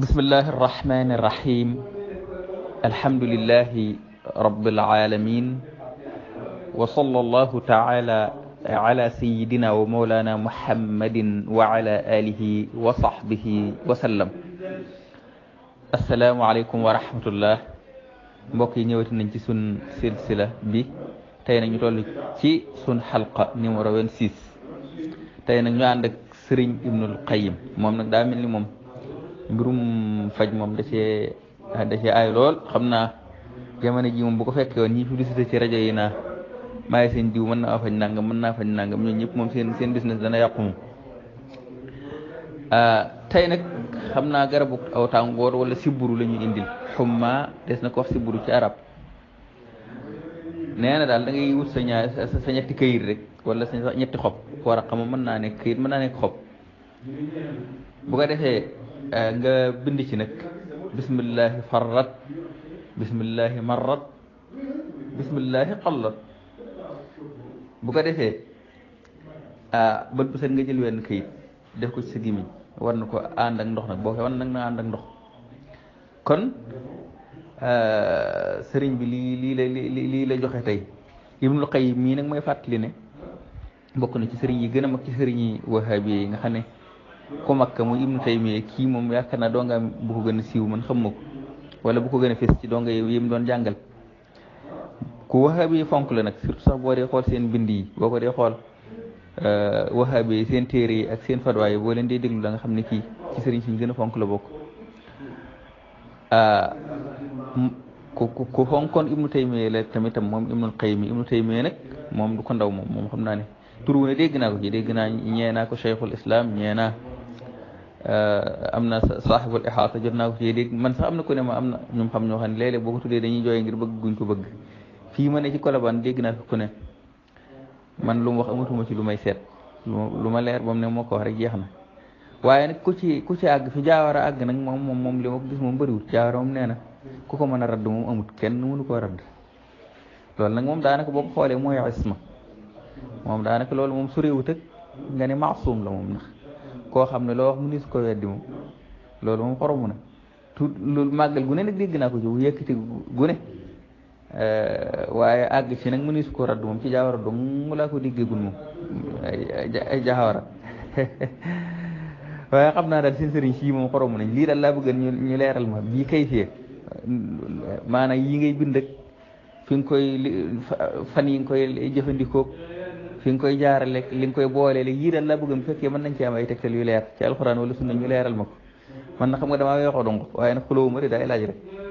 بسم الله الرحمن الرحيم الحمد لله رب العالمين وصلى الله تعالى على سيدنا ومولانا محمد وعلى آله وصحبه وسلم السلام عليكم ورحمة الله mbokk yi ñëwati nañ ci sun silsila bi tey nag ñu toll ci sun xalqa numéro 26 tey nag ñu ànd mbirum faj moom da cee ay lool xam naa jamono ji moom bu ko fekkee woon ñi publicité ci rajo yi naa maa ngi seen jiw mën naa faj nangam mën naa faj nangam ñooñu ñëpp moom seen seen business dana yàqu moom ah, tey nag xam naa garabu aw tàngoor wala siburu la ñu indil xumma des na ko wax siburu ci arab nee na daal da ngay wut sa ñaar sa rek wala sa ñetti xob waraqa moom mën naa nekk këyit mën naa nekk xob bu ko defee eh, nga bind ci nag bismillahi farrat bismillahi marrat bismillahi xallat bu ko defee ah, bët bu set nga jël wenn kayit def ko ci sa war na ko ànd ak ndox nag boo ko war na ànd ak ndox kon eh, sëriñ bi lii lii lay lii la joxe tey Ibnul Qayyim mii nag mooy fàttali ne bokk na ci sëriñ yi gën a mag ci sëriñ yi wahaabi nga xam ne ku mag ka muy ibnu taymiya ki moom yaakaar naa dongaam bu ko gën a siiw man xam ma wala bu ko gën a fes ci donga yi mu doon jàngal ku wahabi fonk la nag surtout sax boo dee xool seen bind yi boo ko dee xool euh, wahabi yi seen téere yi ak seen fatwa yi boo leen dee déglu da nga xam ne kii ci sëriñ si ñu gën a fonk la bokk euh, ku ku ku fonkoon moom ibnul qayyim ibnu taymiya moom du ko ndaw moom xam naa ne tur wu ne ko ci islam ñee Euh, am na saaxibul ixaata jot naa ko ci man sax am na ku ne ma am na ñu xam ñoo xam ne léeg-léeg boo ko jooy ngir bëgg guñ ko bëgg fii ma ne ci kolobaan dégg na fi ku man lu mu wax amatuma ci lu may seet lu ma leer ba mu ne moo ko wax rek jeex na waaye nag ku ci ku ci àgg fi jaawara àgg nag moom moom moom li ma gis moom bëriwut jaawara moom nee na ku ko mën a radd moom amut kenn mënu koo radd loolu nag moom daanaka boo ko xoolee mooy isma moom daanaka loolu moom su réewut ak nga ne maasum la moom koo xam ne loo wax mu ni su ko weddi moom loolu moom xoromu na tout loolu màggal gu ne nag dégg naa ko ci bu yëkkati gu ne euh, waaye àgg ci nag mu ni su ko raddu moom ci jaawara dong mu laa ko déggeegun moom ay jaawara waaye xam naa daal seen sëriñ sii moom xoromu nañ lii daal laa bëgg ñu leeral ma bii kay fee maanaam yi ngay bind ak fi nga koy fan yi nga koy jëfandikoo fi nga koy jaarale li nga koy boolee léegi yii daal laa bëgg mu fekkee mën nañ ci am ay tegtal yu leer ci alxuraan wala sunna ñu leeral ma ko man na xam nga damaa weexoo dong waaye nag xulóowu ma de daay laaj rek